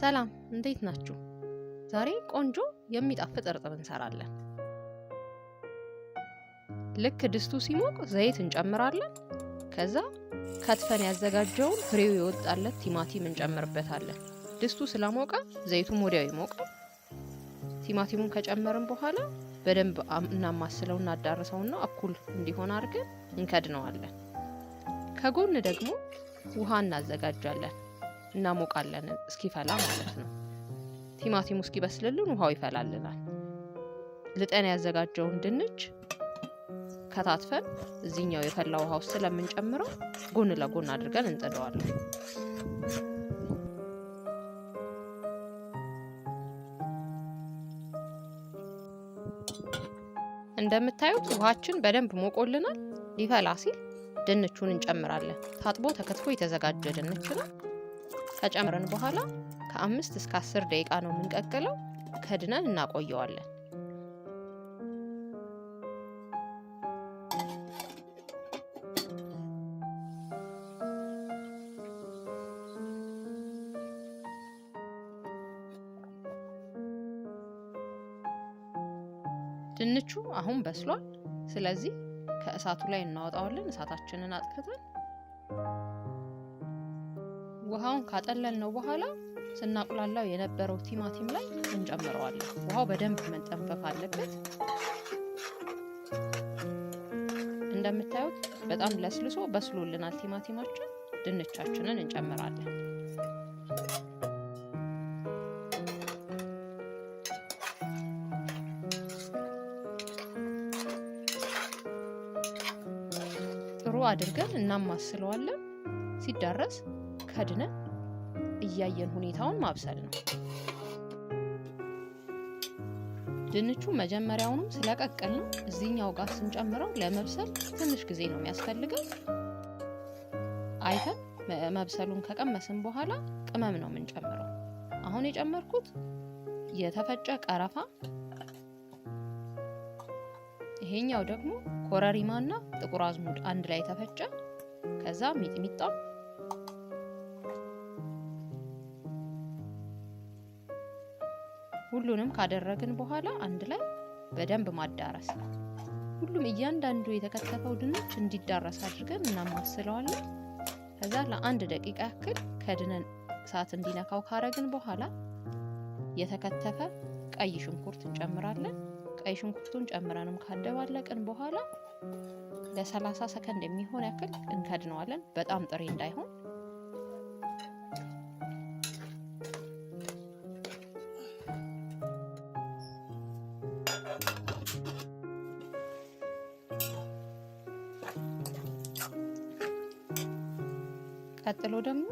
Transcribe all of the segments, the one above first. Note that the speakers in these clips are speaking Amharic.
ሰላም እንዴት ናችሁ? ዛሬ ቆንጆ የሚጣፍጥ እርጥብ እንሰራለን። ልክ ድስቱ ሲሞቅ ዘይት እንጨምራለን። ከዛ ከትፈን ያዘጋጀውን ፍሬው የወጣለት ቲማቲም እንጨምርበታለን። ድስቱ ስለሞቀ ዘይቱም ወዲያው ይሞቃል። ቲማቲሙን ከጨመርን በኋላ በደንብ እናማስለው እናዳርሰውና እኩል እንዲሆን አድርገን እንከድነዋለን። ከጎን ደግሞ ውሃ እናዘጋጃለን። እናሞቃለን እስኪፈላ ማለት ነው። ቲማቲሙ እስኪበስልልን ውሃው ይፈላልናል። ልጠን ያዘጋጀውን ድንች ከታትፈን እዚህኛው የፈላ ውሃ ውስጥ ስለምንጨምረው ጎን ለጎን አድርገን እንጥደዋለን። እንደምታዩት ውሃችን በደንብ ሞቆልናል። ሊፈላ ሲል ድንቹን እንጨምራለን። ታጥቦ ተከትፎ የተዘጋጀ ድንች ነው። ከጨመረን በኋላ ከአምስት እስከ አስር ደቂቃ ነው የምንቀቅለው። ከድነን እናቆየዋለን። ድንቹ አሁን በስሏል። ስለዚህ ከእሳቱ ላይ እናወጣዋለን። እሳታችንን አጥፍተን ውሃውን ነው በኋላ ስናቁላላው የነበረው ቲማቲም ላይ እንጨምረዋለን። ውሃው በደንብ መንጠንፈፍ አለበት። እንደምታዩት በጣም ለስልሶ በስሎልናል ቲማቲማችን። ድንቻችንን እንጨምራለን። ጥሩ አድርገን እናማስለዋለን ሲዳረስ ከድነ እያየን ሁኔታውን ማብሰል ነው። ድንቹ መጀመሪያውንም ስለቀቀል ነው እዚህኛው ጋር ስንጨምረው ለመብሰል ትንሽ ጊዜ ነው የሚያስፈልገው። አይተን መብሰሉን ከቀመስን በኋላ ቅመም ነው የምንጨምረው። አሁን የጨመርኩት የተፈጨ ቀረፋ፣ ይሄኛው ደግሞ ኮረሪማና ጥቁር አዝሙድ አንድ ላይ የተፈጨ ከዛ ሚጥሚጣ ሁሉንም ካደረግን በኋላ አንድ ላይ በደንብ ማዳረስ ነው። ሁሉም እያንዳንዱ የተከተፈው ድንች እንዲዳረስ አድርገን እናማስለዋለን። ከዛ ለአንድ ደቂቃ ያክል ከድነን እሳት እንዲነካው ካረግን በኋላ የተከተፈ ቀይ ሽንኩርት እንጨምራለን። ቀይ ሽንኩርቱን ጨምረንም ካደባለቅን በኋላ ለ30 ሰከንድ የሚሆን ያክል እንከድነዋለን። በጣም ጥሬ እንዳይሆን ቀጥሎ ደግሞ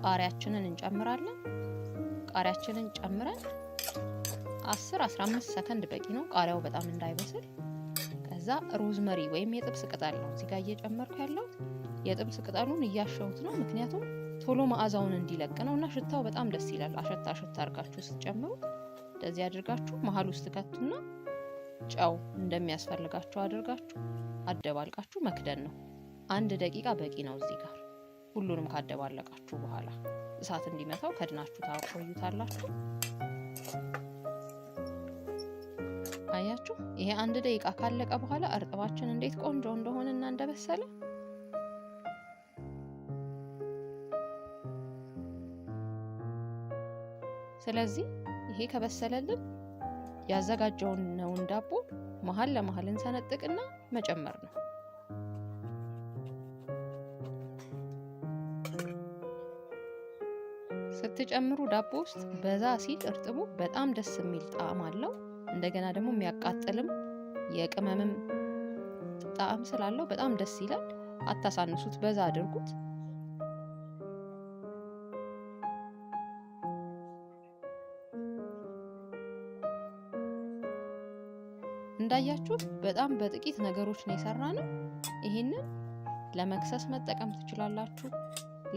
ቃሪያችንን እንጨምራለን። ቃሪያችንን ጨምረን 10 15 ሰከንድ በቂ ነው፣ ቃሪያው በጣም እንዳይበስል። ከዛ ሮዝመሪ ወይም የጥብስ ቅጠል ነው እዚህ ጋር እየጨመርኩ ያለው። የጥብስ ቅጠሉን እያሸሁት ነው፣ ምክንያቱም ቶሎ መዓዛውን እንዲለቅ ነው እና ሽታው በጣም ደስ ይላል። አሸታ አሸታ አድርጋችሁ ስትጨምሩ እንደዚህ አድርጋችሁ መሀል ውስጥ ከቱና ጨው እንደሚያስፈልጋችሁ አድርጋችሁ አደባልቃችሁ መክደን ነው። አንድ ደቂቃ በቂ ነው እዚህ ጋር ሁሉንም ካደባለቃችሁ በኋላ እሳት እንዲመታው ከድናችሁ ታቆዩታላችሁ። አያችሁ፣ ይሄ አንድ ደቂቃ ካለቀ በኋላ እርጥባችን እንዴት ቆንጆ እና እንደበሰለ ስለዚህ ይሄ ከበሰለልን ያዘጋጀውን ነውን ዳቦ መሀል ለመሀል እንሰነጥቅና መጨመር ነው። ስትጨምሩ ዳቦ ውስጥ በዛ ሲል እርጥቡ በጣም ደስ የሚል ጣዕም አለው። እንደገና ደግሞ የሚያቃጥልም የቅመምም ጣዕም ስላለው በጣም ደስ ይላል። አታሳንሱት፣ በዛ አድርጉት። እንዳያችሁት በጣም በጥቂት ነገሮች ነው ነው። ይህንን ለመክሰስ መጠቀም ትችላላችሁ።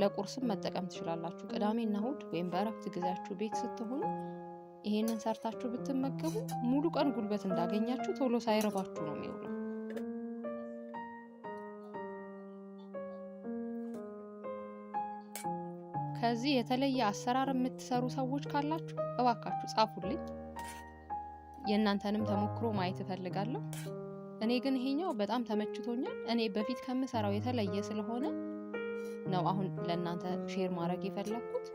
ለቁርስም መጠቀም ትችላላችሁ። ቅዳሜና እሁድ ወይም በእረፍት ጊዜያችሁ ቤት ስትሆኑ ይሄንን ሰርታችሁ ብትመገቡ ሙሉ ቀን ጉልበት እንዳገኛችሁ ቶሎ ሳይረባችሁ ነው የሚውሉ። ከዚህ የተለየ አሰራር የምትሰሩ ሰዎች ካላችሁ እባካችሁ ጻፉልኝ። የእናንተንም ተሞክሮ ማየት እፈልጋለሁ። እኔ ግን ይሄኛው በጣም ተመችቶኛል። እኔ በፊት ከምሰራው የተለየ ስለሆነ ነው አሁን ለእናንተ ሼር ማድረግ የፈለግኩት።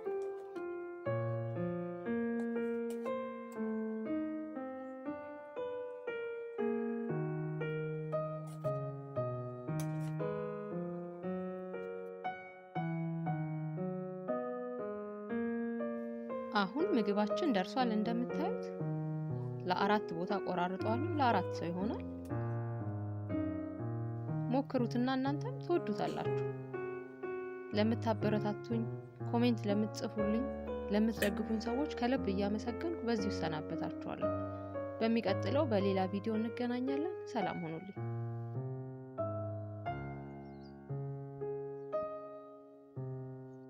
አሁን ምግባችን ደርሷል። እንደምታዩት ለአራት ቦታ ቆራርጠዋለሁ። ለአራት ሰው ይሆናል። ሞክሩትና እናንተም ትወዱታላችሁ። ለምታበረታቱኝ፣ ኮሜንት ለምትጽፉልኝ፣ ለምትደግፉኝ ሰዎች ከልብ እያመሰገንኩ በዚሁ እሰናበታችኋለሁ። በሚቀጥለው በሌላ ቪዲዮ እንገናኛለን። ሰላም ሆኑልኝ።